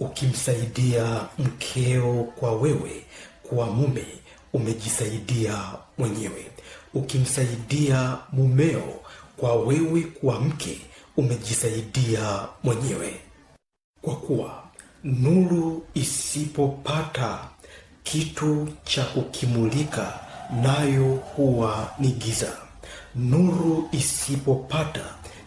Ukimsaidia mkeo kwa wewe kuwa mume, umejisaidia mwenyewe. Ukimsaidia mumeo kwa wewe kuwa mke, umejisaidia mwenyewe, kwa kuwa nuru isipopata kitu cha kukimulika nayo huwa ni giza. Nuru isipopata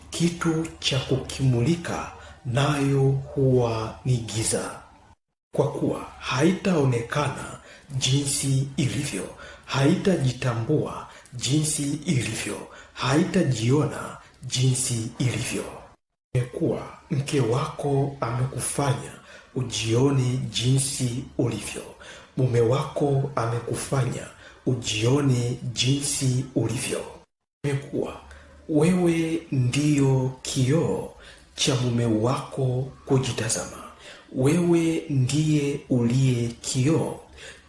kitu cha kukimulika nayo huwa ni giza, kwa kuwa haitaonekana jinsi ilivyo, haitajitambua jinsi ilivyo, haitajiona jinsi ilivyo. Imekuwa mke wako amekufanya ujione jinsi ulivyo, mume wako amekufanya ujione jinsi ulivyo. Imekuwa wewe ndiyo kioo cha mume wako kujitazama. Wewe ndiye uliye kioo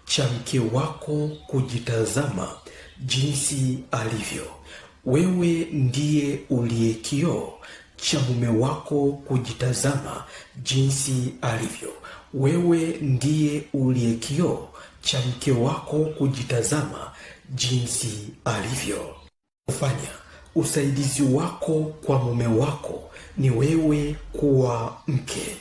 cha mke wako kujitazama jinsi alivyo. Wewe ndiye uliye kioo cha mume wako kujitazama jinsi alivyo. Wewe ndiye uliye kioo cha mke wako kujitazama jinsi alivyo. Kufanya Usaidizi wako kwa mume wako ni wewe kuwa mke.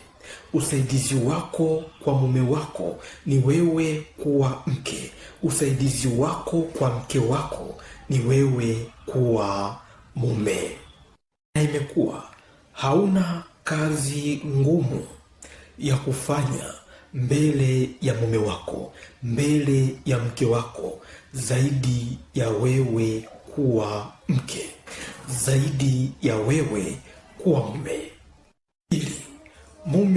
Usaidizi wako kwa mume wako ni wewe kuwa mke. Usaidizi wako kwa mke wako ni wewe kuwa mume. Na imekuwa hauna kazi ngumu ya kufanya mbele ya mume wako, mbele ya mke wako, zaidi ya wewe kuwa zaidi ya wewe kuwa mume, ili mume